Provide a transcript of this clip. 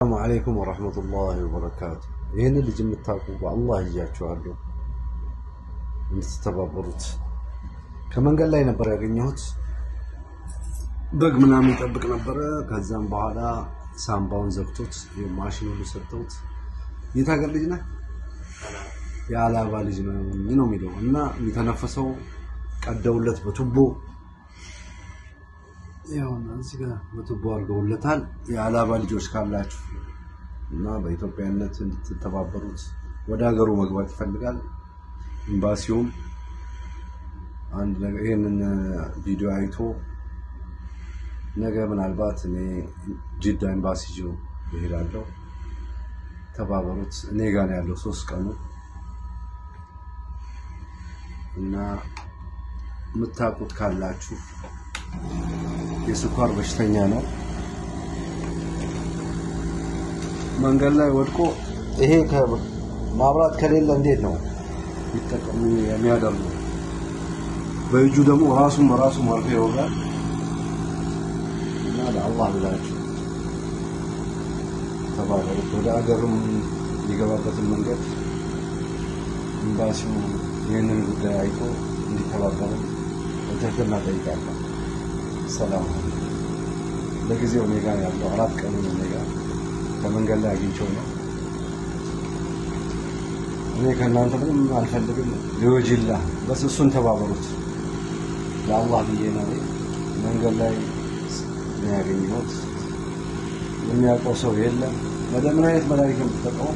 السلام عليكم ورحمة الله وبركاته هنا اللي جم بقى الله يجاكو هلو من تتبابرت كمان قال لي نبرا يقنيوت دق من عم يطبق نبرا كذان بحالا سامباون زبطوت ماشين اللي سبطوت يتاقر لجنا يا على بالي جنا منو ميدو انا متنفسو ቀደውለት بتبو ቱቦ አድርገውለታል። የአላባ ልጆች ካላችሁ እና በኢትዮጵያነት እንድትተባበሩት ወደ ሀገሩ መግባት ይፈልጋል። ኤምባሲውም አንድ ይህንን ቪዲዮ አይቶ ነገ ምናልባት እኔ ጅዳ ኤምባሲ ይሄዳለሁ። ተባበሩት። እኔ ጋ ያለው ሶስት ቀኑ እና የምታውቁት ካላችሁ የስኳር በሽተኛ ነው። መንገድ ላይ ወድቆ ይሄ ማብራት ከሌለ እንዴት ነው ይጠቀሙ የሚያደርጉ? በእጁ ደግሞ ራሱን በራሱ ማርፈ ይወጋል እና ለአላህ ብላችሁ ተባበሩት። ወደ ሀገርም የሚገባበትን መንገድ ኤምባሲው ይህንን ጉዳይ አይቶ እንዲተባበሩ በትህትና ጠይቃለሁ። ሰላም ለጊዜው እኔ ጋር ያለው አራት ቀን እኔ ጋር በመንገድ ላይ አግኝቼው ነው። እኔ ከእናንተ ምንም አልፈልግም። ሊወጅላ በስ እሱን ተባበሩት ለአላህ ብዬ ነው። መንገድ ላይ ነው ያገኘሁት። የሚያውቀው ሰው የለም። ለምን አይነት መድኃኒት የምትጠቀመው?